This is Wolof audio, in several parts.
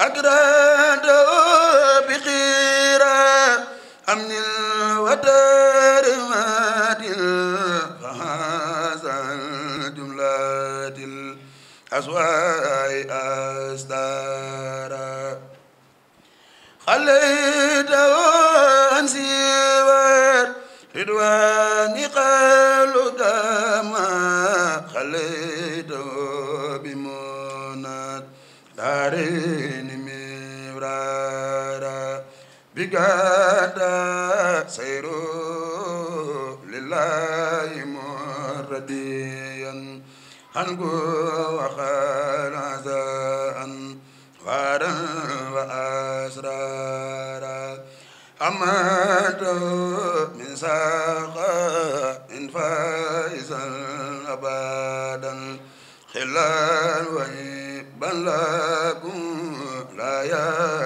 أكراد بخيرا أمن الوتر مات فهذا الجملة الأسواء أستارا خليت عن سوار رضوان قالوا كما خليت بقاد سير لله مرديا هنقو وخال عزاء وارا وأسرارا أمات من ساقا إن فائزا أبدا خلال وإبا لكم لا يا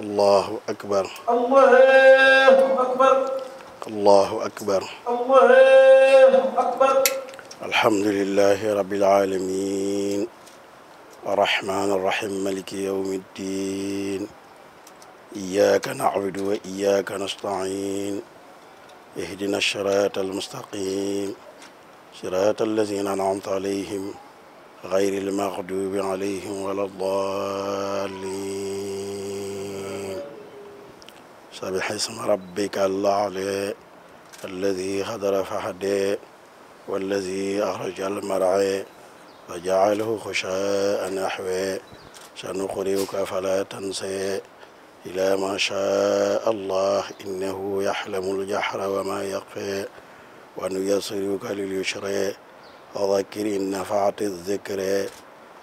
allahu akbar allahu akbar allahu akbar allahu akbar alhamdulillahi rabbil alamin arrahman arrahim maliki yawmi ddin iyyaka na'budu wa iyyaka nasta'in ihdina sirata almustaqim sirata allazina an'amta alayhim غير المغضوب عليهم ولا الضالين sabbih isma rabbika al-a'laa allazii xadara fahadaa wallazii axraja al-mar'aa faja'alahu xushaa'an ahwaa sanuqri'uka falaa tansaa illaa maa shaa'a allah innahu ya'lamu al-jahra wa maa yaxfaa wa nuyassiruka lil-yusraa wa zakkir in nafa'ati az-zikraa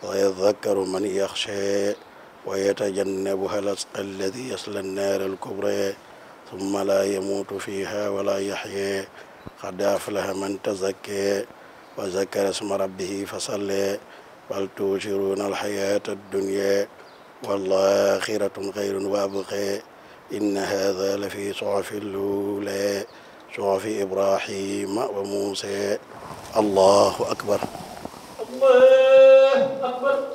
wa yadhakkaru man yaxshaa ويتجنبها الأشقى الذي يصلى النار الكبرى ثم لا يموت فيها ولا يحيى قد أفلح من تزكى وذكر اسم ربه فصلى بل تؤثرون الحياة الدنيا والآخرة خير وأبقى إن هذا لفي صحف الأولى صحف إبراهيم وموسى الله أكبر الله أكبر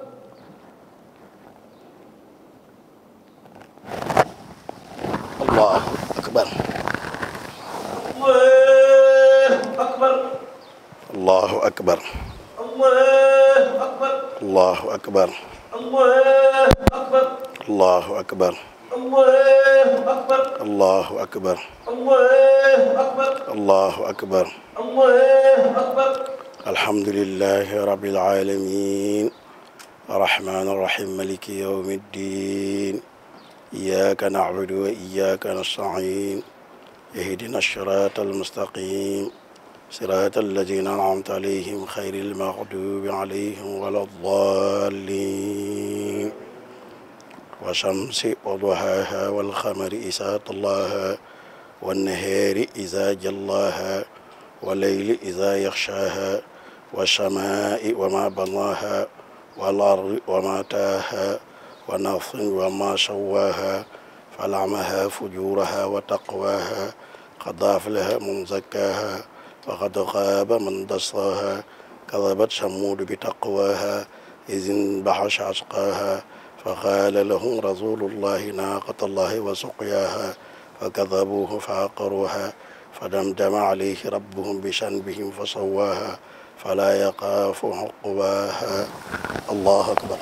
akbar allahu akbar allahu akbar alhamdulilahi rabbil alamin arrahman arrahim maliki yawmi ddin iyyaka na'budu wa iyyaka nasta'in ihdina as-sirata al-mustaqim صراط الذين أنعمت عليهم خير المغضوب عليهم ولا الضالين والشمس وضحاها والقمر إذا طلاها والنهار إذا جلاها والليل إذا يغشاها والسماء وما بناها والأرض وما تاها ونفس وما سواها فلعمها فجورها وتقواها قد أفلح من زكاها وقد خاب من دساها كذبت ثمود بتقواها إذ انبحش أشقاها fa qaala lahum rasulullahi naaqatallahi wa suqyaaha fa kadabuuhu fa aqaruuha fa damdama alayhi rabbuhum bi shanbihim fa sawaaha falaa yaqaafu uqbaaha allahu akbar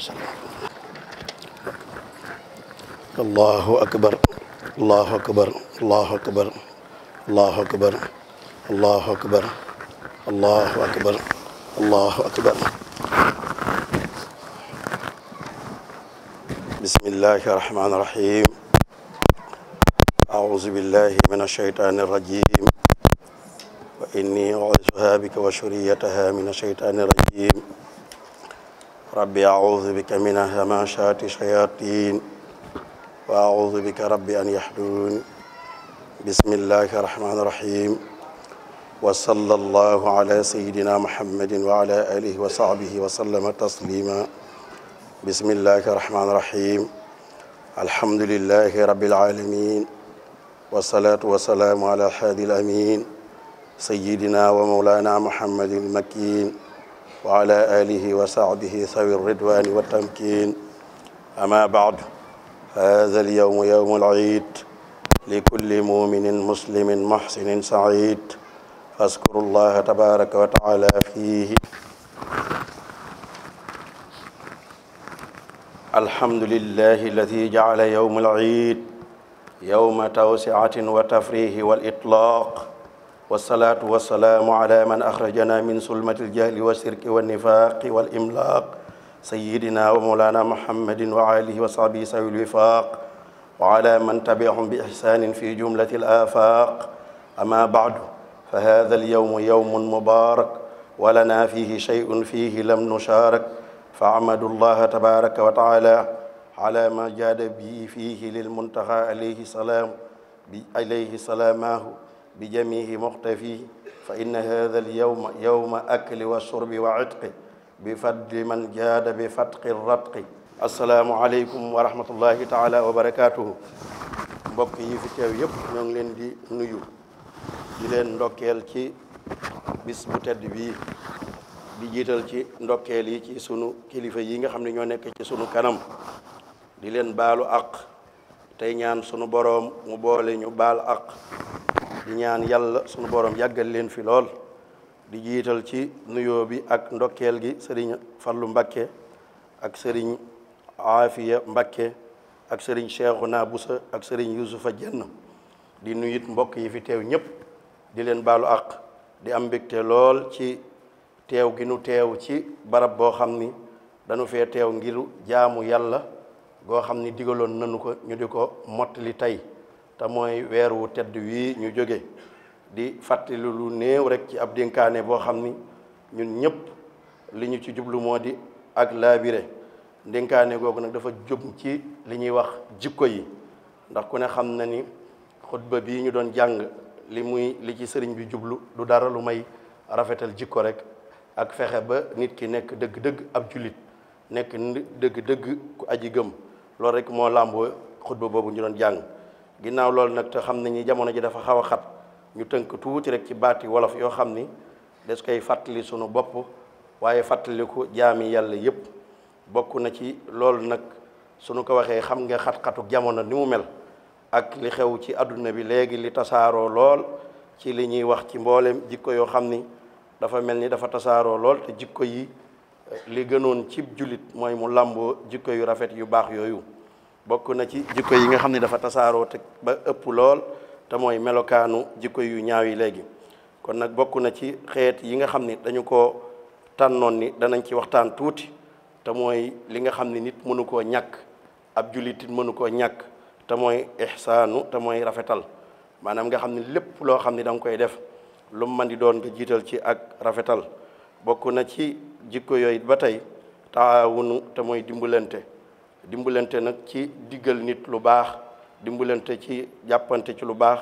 sallam allahu akbar allahu akbar allahu akbar allahu akbar allahu akbar allahu akbar allahu akbar bismillahi rahmaani rahim أعوذ بالله من الشيطان الرجيم وإني أعوذها بك وشريتها من الشيطان الرجيم rabbi audu bika min hamashati shayatin wa audu bika rabbi an yahdurun bismillahi rahmani rahim wa sallallahu ala sayidina muhammadin wa ala alihi wa sahbihi wa sallama taslima bismillahi rahmani rahim alhamdulillahi rabbil alamin والصلاة والسلام على الهادي الأمين سيدنا ومولانا محمد المكين wa ala alihi wa sahbihi sawi ridwani wa tamkin ama baadu hada alyawmu yawmu alciid li kulli muminin muslimin muxsinin saciid faskuru llaha tabaraka wa taala fihi alhamdulilahi alladi jacala yawma alciid yawma tawsicatin wa tafrihi wal itlaaq والصلاة والسلام على من أخرجنا من ظلمة الجهل والشرك والنفاق والإملاق سيدنا ومولانا محمد وآله وصحبه سوي الوفاق وعلى من تبعهم بإحسان في جملة الآفاق أما بعد فهذا اليوم يوم مبارك ولنا فيه شيء فيه لم نشارك فأحمد الله تبارك وتعالى على ما جاد به فيه للمنتهى عليه السلام عليه سلامه بجميع مختفي فإن هذا اليوم يوم أكل وشرب وعتق بفضل من جاد بفتق الرتق asalaamu aleykum wa rahmatullahi taala wa barakaatuhu mbokk yi fi teew yëpp ñoo ngi leen di nuyu di leen ndokkeel ci bis bu tedd bii di jiital ci ndokkeel yi ci sunu kilifa yi nga xam ne ñoo nekk ci sunu kanam di leen baalu àq tey ñaan sunu boroom mu boole ñu baal àq di ñaan yàlla sunu boroom yàggal leen fi lool di jiital ci nuyoo bi ak ndokkeel gi sëriñ Fallu Mbakke ak sëriñ Aafiya Mbakke ak sëriñ Cheikhouna Boussa ak sëriñ Yusufa Jenn di nuyit mbokk yi fi teew ñëpp di leen baalu àq di am mbégte lool ci teew gi nu teew ci barab boo xam ni dañu fee teew ngir jaamu yàlla goo xam ni digaloon nanu ko ñu di ko mottali tey te mooy weer wu tedd wii ñu jóge di fàttali lu néew rek ci ab dénkaane boo xam ni ñun ñëpp li ñu ci jublu moo di ak laabire dénkaane googu nag dafa jub ci li ñuy wax jikko yi ndax ku ne xam na ni xutba bii ñu doon jàng li muy li ci sëriñ bi jublu lu dara lu may rafetal jikko rek ak fexe ba nit ki nekk dëgg-dëgg ab jullit nekk dëgg-dëgg ku aji gëm loolu rek moo làmboo xutba boobu ñu doon jàng ginnaaw loolu nag te xam nañu jamono ji dafa xaw a xat ñu tënk tuuti rek ci baati wolof yoo xam ni des koy fàttali suñu bopp waaye fàttaliku jaami yàlla yépp bokk na ci loolu nag sunu ko waxee xam nga xat-xatu jamono ni mu mel ak li xew ci àdduna bi léegi li tasaaroo lool ci li ñuy wax ci mbooleem jikko yoo xam ni dafa mel ni dafa tasaaroo lool te jikko yi eh, li gënoon cib jullit mooy mu làmboo jikko yu rafet yu baax yooyu bokk na ci jikko yi nga xam ne dafa tasaaroo te ba ëpp lool te mooy melokaanu jikko yu ñaaw yi léegi kon nag bokk na ci xeet yi nga xam ni dañu ko tannoon ni danañ ci waxtaan tuuti te mooy li nga xam ni nit mënu koo ñàkk ab jullit mënu koo ñàkk te mooy ihsaanu te mooy rafetal maanaam nga xam ne lépp loo xam ne da nga koy def lu mu mën di doon nga jiital ci ak rafetal bokk na ci jikko yooyu ba tey taawunu te mooy dimbalante dimbalante nag ci diggal nit lu baax dimbalante ci jàppante ci lu baax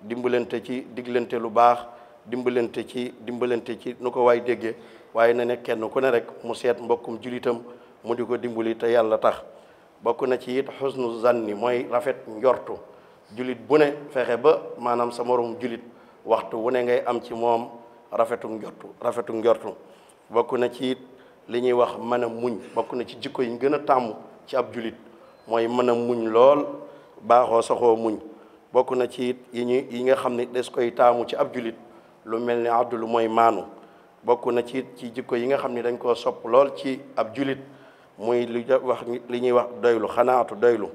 dimbalante ci diglante lu baax dimbalante ci dimbalante ci nu ko waay dégge waaye na ne kenn ku ne rek mu seet mbokkum julitam mu di ko dimbali te yàlla tax bokk na ci it xusnu zanni mooy rafet njortu julit bu ne fexe ba maanaam sa morom julit waxtu wu ne ngay am ci moom rafetu njortu rafetu njortu bokk na ci it li ñuy wax mën muñ bokk na ci jikko yi ñu gën a tàmm ci ab julit mooy mën a muñ lool baaxoo saxoo muñ bokk na ci yi ñu yi nga xam ne des koy taamu ci ab julit lu mel ni lu mooy maanu bokk na ci ci jikko yi nga xam ni dañ koo sopp lool ci ab julit mooy lu wax li ñuy wax doylu xanaatu doylu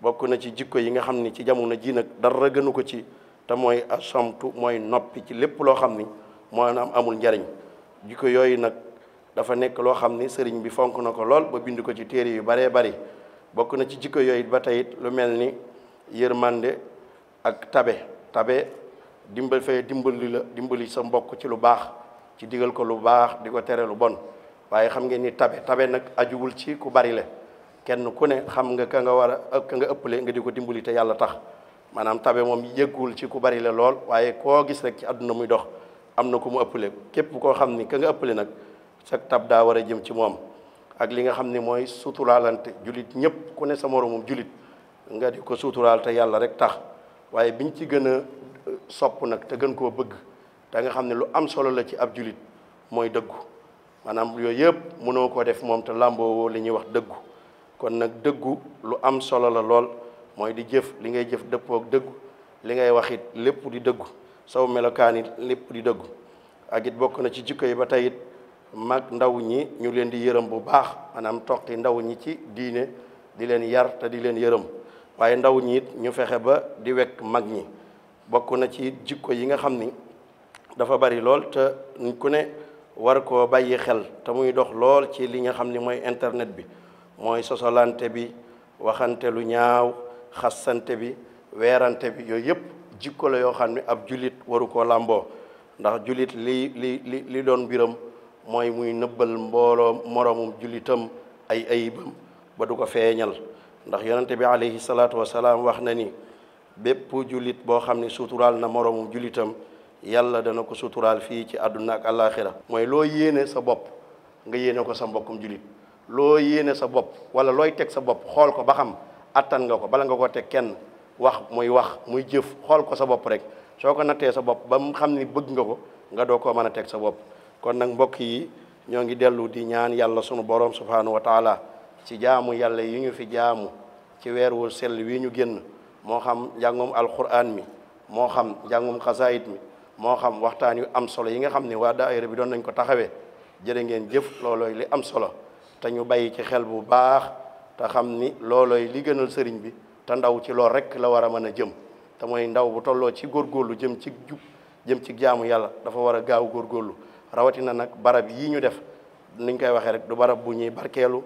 bokk na ci jikko yi nga xam ni ci jamono ji nag dara gënu ko ci te mooy a asomtu mooy noppi ci lépp loo xam ni moo am amul njariñ jikko yooyu nag dafa nekk loo xam ni sëriñ bi fonk na ko lool ba bind ko ci téere yu baree bari bokk na ci jikko yooyu ba tey lu mel ni yërmande ak tabe tabe dimbal fee dimbali la dimbali sa mbokk ci lu baax ci digal ko lu baax di ko tere lu bon waaye xam ngeen ni tabe tabe nag ajuwul ci ku bari la kenn ku ne xam nga ka nga war a ka nga ëppale nga di ko dimbali te yàlla tax maanaam tabe moom yëggul ci ku bari la lool waaye koo gis rek ci àdduna muy dox am na ku mu ëppale képp koo xam ni ka nga ëppale nag sag tab daa war a jëm ci moom ak li nga xam ni mooy suturaalante julit ñëpp ku ne sa moroomum julit nga di ko suturaal te yàlla rek tax waaye biñ ci gën a euh, sopp nag te gën koo bëgg te nga xam ne lu am solo la ci ab julit mooy dëggu maanaam yooyu yëpp mënoo koo def moom te làmboowoo li ñuy wax dëggu kon nag dëggu lu am solo la lool mooy di jëf li ngay jëf dëppook dëggu li ngay wax it lépp di dëggu saw melokaan it lépp di dëggu ak it bokk na ci jikko yi ba tey mag ndaw ñi ñu leen di yërëm bu baax maanaam toqi ndaw ñi ci diine di leen yar te di leen yërëm waaye ndaw ñiit ñu fexe ba di wekk mag ñi bokk na ci jikko yi nga xam ni dafa bari lool te ku ne war koo bàyyi xel te muy dox lool ci li nga xam ni mooy internet bi mooy sosolante bi waxante lu ñaaw xassante bi weerante bi yooyu yëpp jikko la yoo xam ni ab jullit waru ko làmboo ndax jullit li li li li doon biram mooy muy nëbbal mbooloo moroomum jullitam ay ayibam ba du ko feeñal ndax yonente bi aleyhi salaatu wasalaam wax na ni bépp jullit boo xam ne suturaal na moroomum jullitam yàlla dana ko suturaal fii ci àdduna ak àllaaxira mooy loo yéene sa bopp nga yéene ko sa mbokkum jullit loo yéene sa bopp wala looy teg sa bopp xool ko ba xam attan nga ko bala nga ko teg kenn wax muy wax muy jëf xool ko sa bopp rek soo ko nattee sa bopp ba mu xam ni bëgg nga ko nga doo koo mën a teg sa bopp kon nag mbokk yi ñoo ngi dellu di ñaan yàlla sunu borom subhanahu wa taala ci jaamu yàlla yi ñu fi jaamu ci weer wu sell wi ñu génn moo xam njàngum alquran mi moo xam njàngum xasaayit mi moo xam waxtaan yu am solo yi nga xam ne waa daayira bi doon nañ ko taxawee jërë ngeen jëf loolooy li am solo te ñu bàyyi ci xel bu baax te xam ni loolooy li gënal sëriñ bi te ndaw ci lool rek la war a mën a jëm te mooy ndaw bu tolloo ci góorgóorlu jëm ci jub jëm ci jaamu yàlla dafa war a gaaw góorgóorlu rawatina nag barab yii ñu def nuñ koy waxee rek du barab bu ñuy barkeelu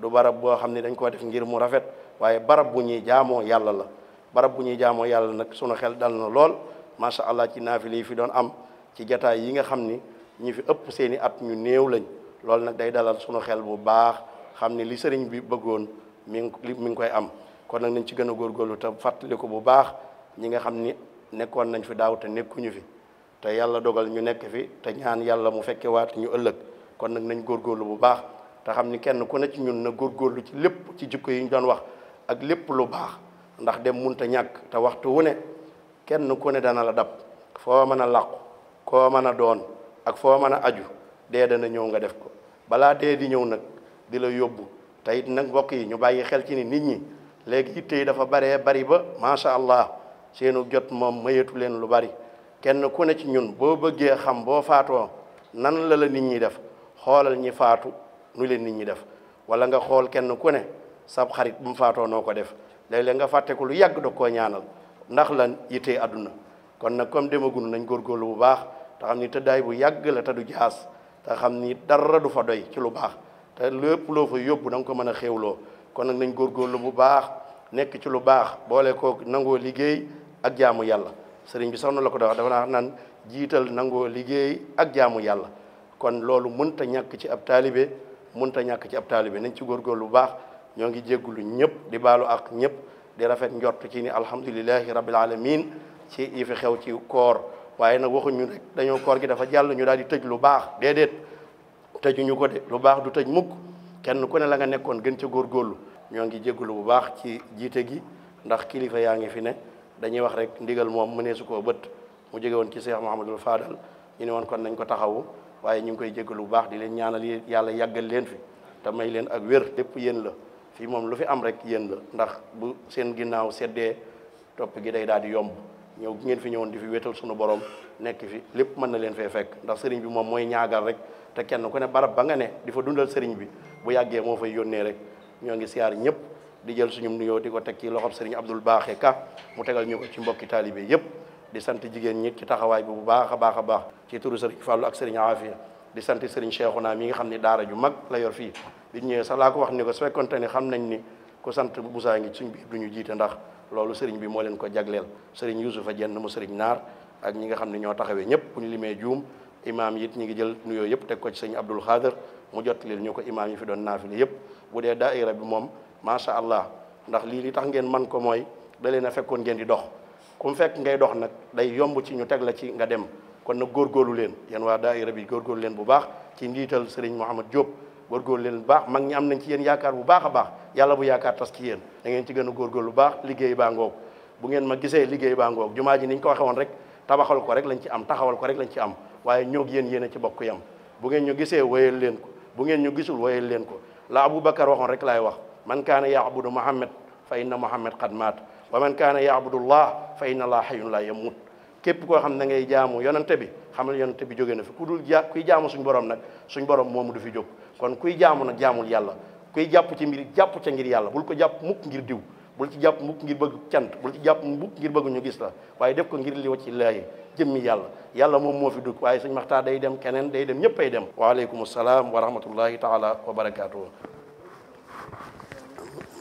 du barab boo xam ne dañ koo def ngir mu rafet waaye barab bu ñuy jaamoo yàlla la barab bu ñuy jaamoo yàlla nag sunu xel dal na lool macha allah ci naafile yi fi doon am ci jataay yi nga xam ni ñu fi ëpp seeni at ñu néew lañ loolu nag day dalal sunu xel bu baax xam ne li sëriñ bi bëggoon mi ngi mi ngi koy am kon nag nañ ci gën a góorgóorlu te fàttaliku bu baax ñi nga xam ni nekkoon nañ fi daaw te nekkuñu fi te yàlla dogal ñu nekk fi te ñaan yàlla mu fekke waat ñu ëllëg kon nag nañ góorlu bu baax te xam ni kenn ku ne ci ñun góor góorlu ci lépp ci jikko yi ñu doon wax ak lépp lu baax ndax dem munta ñàkk te waxtu wu ne kenn ku ne dana la dab foo mën a làqu koo mën a doon ak foo mën a aju dee dana ñëw nga def ko balaa dee di ñëw nag di la yóbbu te it nag mbokk yi ñu bàyyi xel ci ni nit ñi léegi yitte yi dafa baree bari ba macha allah seenu jot moom mayetu leen lu bari kenn ku ne ci ñun boo bëggee xam boo faatoo nan la la nit ñi def xoolal ñi faatu nu leen nit ñi def wala nga xool kenn ku ne sab xarit bu mu faatoo noo ko def léeg-léeg nga fàtte ko lu yàgg doo ko ñaanal ndax lan yittee àdduna kon na comme demagun nañ góorgóorlu bu baax te xam ni tëddaay bu yàgg la te du jaas te xam ni dara du fa doy ci lu baax te lépp loo fa yóbbu da nga ko mën a xéewloo kon nag nañ góorgóorlu bu baax nekk ci lu baax boole koo nangoo liggéey ak jaamu yàlla sëriñ bi sax noonu la ko doon dafa naa naan jiital nangoo liggéey ak jaamu yàlla kon loolu mënta ñàkk ci ab taalibe mënta ñàkk ci ab taalibe nañ ci góorgóorlu lu baax ñoo ngi jéggulu ñëpp di baalu ak ñëpp di rafet njort ci ni alhamdulilahi rabbil alamin ci yi fi xew ci koor waaye nag waxuñu rek dañoo koor gi dafa jàll ñu daal di tëj lu baax déedéet tëjuñu ko de lu baax du tëj mukk kenn ku ne la nga nekkoon gën ca góorgóorlu ñoo ngi jéggulu bu baax ci jiite gi ndax kilifa yaa ngi fi ne dañuy wax rek ndigal moom mu nee su koo bët mu jóge woon ci Cheikh Mouhamadul Fadal ñu ne woon kon nañ ko taxawu waaye ñu ngi koy jéggalu lu baax di leen ñaanal yàlla yàggal leen fi te may leen ak wér lépp yéen la fii moom lu fi am rek yéen la ndax bu seen ginnaaw seddee topp gi day daal di yomb ñëw ngeen fi ñëwoon di fi wétal sunu borom nekk fi lépp mën na leen fee fekk ndax sëriñ bi moom mooy ñaagal rek te kenn ku ne barab ba nga ne di fa dundal sëriñ bi bu yàggee moo fay yónnee rek ñoo ngi siyaar ñëpp di jël suñu nuyoo di ko teg ci loxob sëriñ Abdul Baaxe Ka mu tegal ñu ko ci mbokki taalibe yëpp di sant jigéen ñi ci taxawaay bi bu baax a baax a baax ci turu sëriñ Fàllu ak sëriñ Afia di sant sëriñ Cheikhouna mi nga xam ni daara ju mag la yor fii ñëwee sax laa ko wax ni ko su fekkonte ne xam nañ ni ku sant Moussa ngi suñ biir ñu jiite ndax loolu sëriñ bi moo leen ko jagleel sëriñ Yuusufa Jenn mu sëriñ Naar ak ñi nga xam ne ñoo taxawee ñëpp bu ñu limee juum imaam yit ñi ngi jël nuyoo yëpp teg ko ci sëriñ Abdul Xaadir mu jot leen ñu ko imaam yi fi doon naafile yëpp bu dee daa daaira bi moom macha allah ndax lii li tax ngeen man ko mooy da leen a fekkoon ngeen di dox ku mu fekk ngay dox nag day yomb ci ñu teg la ci nga dem kon nag góorgóorlu leen yenn waa daayira bi góorgóorlu leen bu baax ci njiital Serigne Mouhamad Diop góorgóorlu leen bu baax mag ñi am nañ ci yéen yaakaar bu baax a baax yàlla bu yaakaar tas ci yéen da ngeen ci gën a góorgóorlu bu baax liggéey baa ngoog bu ngeen ma gisee liggéey baa ngoog jumaa ji ni ñu ko waxe woon rek tabaxal ko rek lañ ci am taxawal ko rek lañ ci am waaye ñoog yéen yéen ci bokk yam bu ngeen ñu gisee wéyal leen ko bu ngeen ñu gisul wéyal leen ko la Aboubacar waxoon rek laay wax man kaana yaabudu muhammad fa inna muhammad qad maat wa man kaana yaabudu llah fa inna allah xayun la yamut képp koo xam ne da ngay jaamu yonante bi xam xamal yonante bi jóge na fi ku dul kuy jaamu suñ borom nag suñ borom moomu du fi jóg kon kuy jaamu nag jaamul yàlla kuy jàpp ci mbir jàpp ca ngir yàlla bul ko jàpp mukk ngir diw bul ci jàpp mukk ngir bëgg cant bul ci jàpp mukk ngir bëgg ñu gis la waaye def ko ngir li wacci laayi jëmmi yàlla yàlla moom moo fi dug waaye suñ maxtaa day dem keneen day dem ñëpp dem waaleykum salaam wa rahmatullahi taala wa barakaatu.